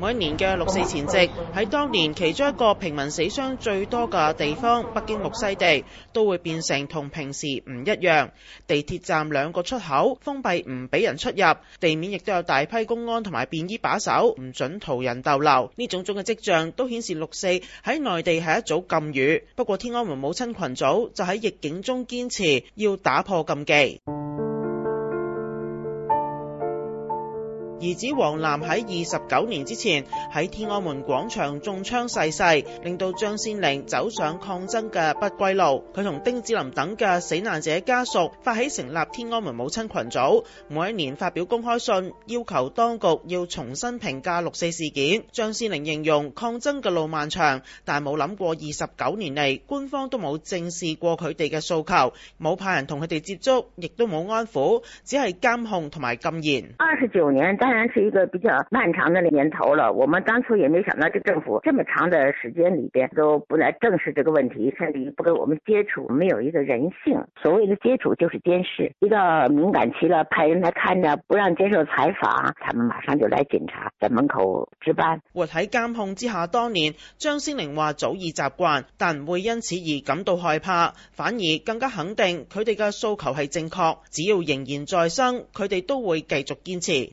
每一年嘅六四前夕，喺當年其中一個平民死傷最多嘅地方北京木西地，都會變成同平時唔一樣。地鐵站兩個出口封閉，唔俾人出入；地面亦都有大批公安同埋便衣把守，唔准途人逗留。呢種種嘅跡象都顯示六四喺內地係一組禁語。不過天安門母親群組就喺逆境中堅持要打破禁忌。兒子王楠喺二十九年之前喺天安門廣場中槍逝世，令到張先玲走上抗爭嘅不歸路。佢同丁子霖等嘅死難者家屬發起成立天安門母親群組，每一年發表公開信，要求當局要重新評價六四事件。張先玲形容抗爭嘅路漫長，但冇諗過二十九年嚟，官方都冇正視過佢哋嘅訴求，冇派人同佢哋接觸，亦都冇安撫，只係監控同埋禁言。二十九年。當然是一個比較漫長的年頭了。我們當初也沒想到，這政府這麼長的時間裡邊都不來正視這個問題，甚至不跟我們接觸，沒有一個人性。所謂的接觸就是監視，一到敏感期了，派人來看着，不讓接受採訪，他們馬上就來警察，在門口值班。活喺監控之下，當年張先玲話早已習慣，但唔會因此而感到害怕，反而更加肯定，佢哋嘅訴求係正確。只要仍然在生，佢哋都會繼續堅持。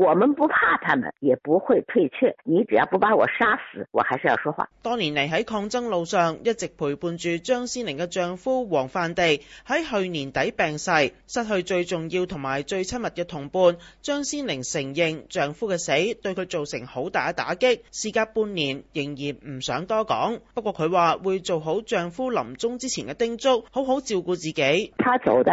我們不怕他們，也不會退卻。你只要不把我殺死，我還是要說話。多年嚟喺抗爭路上，一直陪伴住張先玲嘅丈夫王範地喺去年底病逝，失去最重要同埋最親密嘅同伴。張先玲承認丈夫嘅死對佢造成好大嘅打擊，事隔半年仍然唔想多講。不過佢話會做好丈夫臨終之前嘅叮囑，好好照顧自己。他走得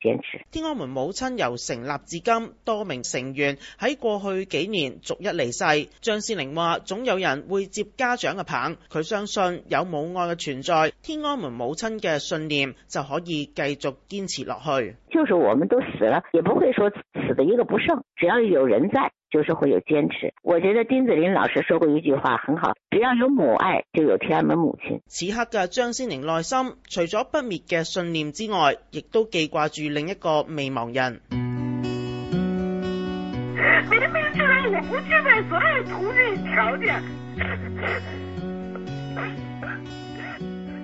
堅持天安門母親由成立至今，多名成員喺過去幾年逐一離世。張先玲話，總有人會接家長嘅棒，佢相信有母愛嘅存在，天安門母親嘅信念就可以繼續堅持落去。就是我們都死了，也不會說死得一個不剩，只要有人在。就是會有堅持。我覺得丁子霖老師說過一句話很好，只要有母愛，就有天安門母親。此刻嘅張先玲內心，除咗不滅嘅信念之外，亦都記掛住另一個未亡人。明明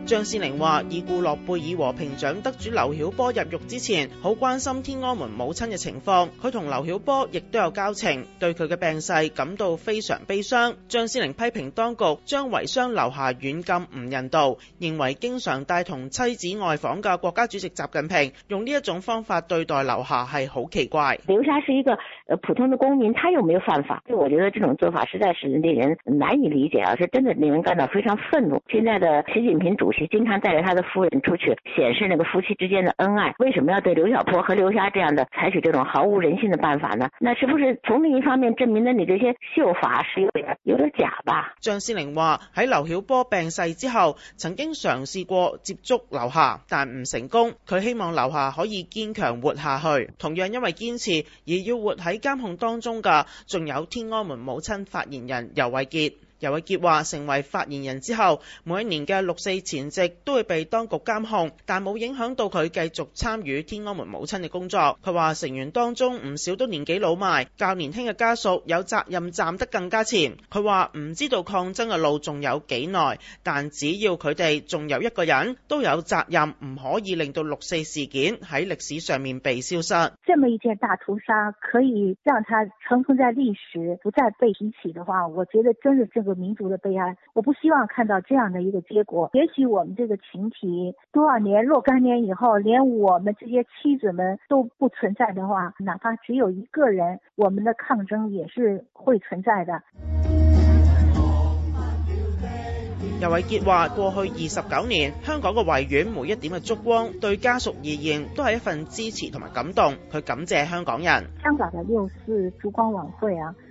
張先玲話：已故諾貝爾和平獎得主劉曉波入獄之前，好關心天安門母親嘅情況。佢同劉曉波亦都有交情，對佢嘅病逝感到非常悲傷。張先玲批評當局將遺孀劉霞軟禁唔人道，認為經常帶同妻子外訪嘅國家主席習近平用呢一種方法對待劉霞係好奇怪。劉霞是一個普通的公民，他又沒有犯法。我覺得這種做法實在是令人難以理解啊！是真的令人感到非常憤怒。現在的習近平主席。也經常帶着他的夫人出去，顯示那個夫妻之間的恩愛。為什麼要對劉曉波和劉霞這樣的採取這種毫無人性的辦法呢？那是不是從另一方面證明了你這些秀法是有點有點假吧？張先玲話喺劉曉波病逝之後，曾經嘗試過接觸劉霞，但唔成功。佢希望劉霞可以堅強活下去。同樣因為堅持而要活喺監控當中噶，仲有天安門母親發言人尤維潔。尤維潔話：成為發言人之後，每一年嘅六四前夕都會被當局監控，但冇影響到佢繼續參與天安門母親嘅工作。佢話成員當中唔少都年紀老邁，較年輕嘅家屬有責任站得更加前。佢話唔知道抗爭嘅路仲有幾耐，但只要佢哋仲有一個人，都有責任唔可以令到六四事件喺歷史上面被消失。這麼一件大屠殺可以讓它塵封在歷史，不再被提起的話，我覺得真的正個民族的悲哀，我不希望看到這樣的一個結果。也許我們這個群體多少年、若干年以後，連我們這些妻子們都不存在的話，哪怕只有一個人，我們的抗爭也是會存在的。尤維潔話，過去二十九年，香港嘅維園每一點嘅燭光，對家屬而言都係一份支持同埋感動。佢感謝香港人。香港嘅六四燭光晚會啊。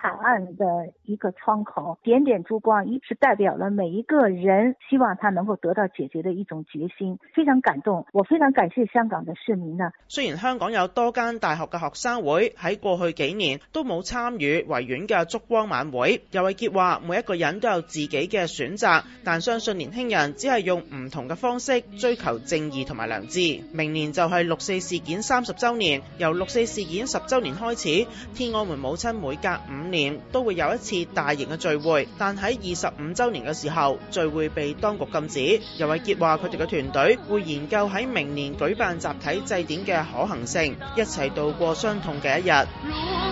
海岸的一個窗口，點點燭光一直代表了每一個人希望他能夠得到解決的一種決心，非常感動。我非常感謝香港的市民呢。雖然香港有多間大學嘅學生會喺過去幾年都冇參與維園嘅燭光晚會，尤維潔話每一個人都有自己嘅選擇，但相信年輕人只係用唔同嘅方式追求正義同埋良知。明年就係六四事件三十周年，由六四事件十周年開始，天安門母親每隔五。年都會有一次大型嘅聚會，但喺二十五周年嘅時候，聚會被當局禁止。尤維潔話佢哋嘅團隊會研究喺明年舉辦集體祭典嘅可行性，一齊度過傷痛嘅一日。